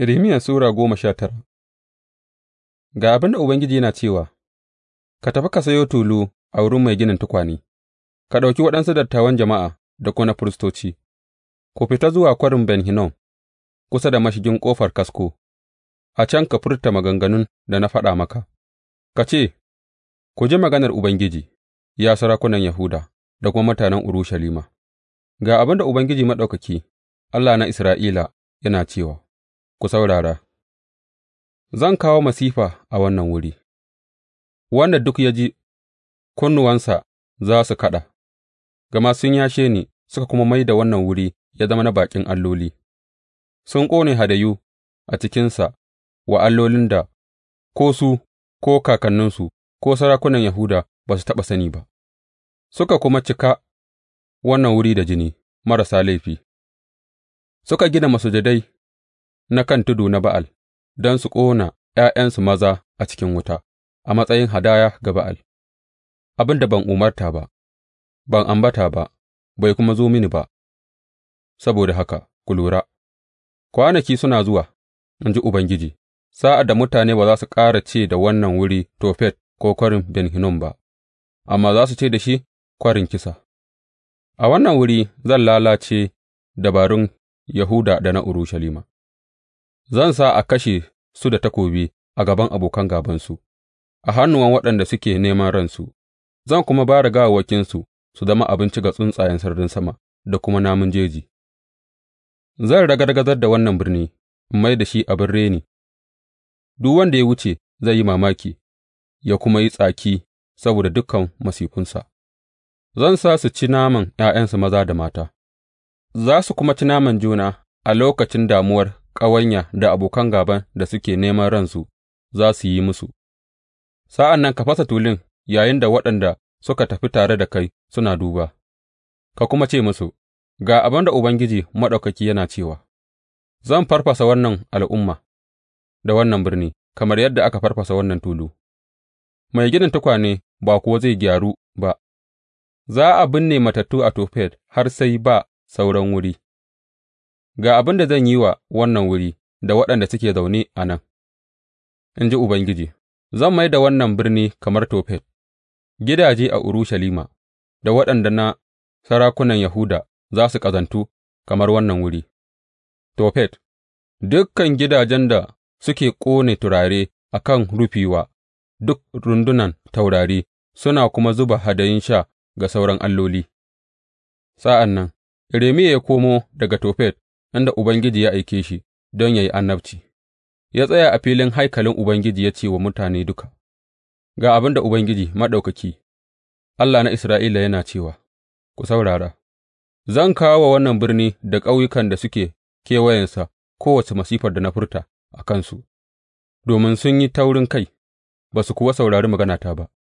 Irimiya Sura goma sha tara Ga abin da Ubangiji yana cewa, Ka tafi ka sayo tulu a wurin mai ginin tukwane, ka ɗauki waɗansu dattawan jama'a da kuma firistoci, ku fita zuwa kwarin Ben Hinnom, kusa da mashigin ƙofar kasko, a can ka furta maganganun da na faɗa maka, ka ce, Ku ji maganar Ubangiji, ya sarakunan Yahuda da kuma mutanen Urushalima, ga abin da Ubangiji Maɗaukaki, Allah na Isra'ila, yana cewa. ku saurara, zan kawo masifa a wannan wuri, wanda duk ya ji kunnuwansa za su kaɗa, gama sun yashe ni suka kuma mai da wannan wuri ya zama na baƙin alloli, sun ƙone hadayu a cikinsa wa allolin da ko su ko kakanninsu ko sarakunan Yahuda ba su taɓa sani ba, suka kuma cika wannan wuri da jini marasa laifi, suka gina masujadai na kan tudu na Ba'al don su ƙona ’ya'yansu maza a cikin wuta a matsayin hadaya ga Ba'al, abin da ban umarta ba, ban ambata ba, bai kuma zo mini ba, saboda haka ku lura, kwanaki suna zuwa, in ji Ubangiji, sa'ad da mutane ba za su ƙara ce da wannan wuri Tofet ko kwarin Ben Hinnom ba, amma za su ce da shi kwarin kisa. A wannan wuri zan lalace dabarun Yahuda da na Urushalima. zan sa a kashe su da takobi a gaban abokan gābansu, a hannuwan waɗanda suke neman ransu, zan kuma ba da gawawwakinsu su zama abinci ga tsuntsayen sararin sama da kuma namun jeji. Zan ragargazar da wannan birni in mai da shi abin reni, duk wanda ya wuce zai yi mamaki ya kuma yi tsaki saboda dukan masifunsa. Zan sa su ci naman ’ya'yansu maza da mata, za su kuma ci naman juna a lokacin damuwar ƙawanya da abokan gāban da suke neman ransu za su yi musu, sa'an nan ka fasa tulun yayinda waɗanda suka tafi tare da kai suna duba, ka kuma ce musu, Ga abin da Ubangiji Maɗaukaki yana cewa, Zan farfasa wannan al'umma da wannan birni, kamar yadda aka farfasa wannan tulu, mai ginin tukwane ba kuwa zai gyaru ba, za a binne matattu a Tofet har sai ba sauran wuri. Ga abin da zan yi wa wannan wuri da waɗanda suke zaune a nan, in ji Ubangiji, zan mai da wannan birni kamar Tofet, gidaje a Urushalima, da waɗanda na sarakunan Yahuda za su ƙazantu kamar wannan wuri, Tofet, dukkan gidajen da suke ƙone turare a kan rufi wa duk rundunan taurari suna kuma zuba hadayin sha ga sauran alloli. Sa'an nan, Irmiya ya komo daga Tofet inda Ubangiji ya aike shi don yă yi annabci, ya tsaya a filin haikalin Ubangiji ya ce wa mutane duka, Ga abin da Ubangiji Maɗaukaki, Allah na Isra'ila yana cewa, Ku saurara, zan kawo wa wannan birni da ƙauyukan da suke kewayensa kowace masifar da na furta a kansu, domin sun yi taurin kai, ba su kuwa saurari maganata ba.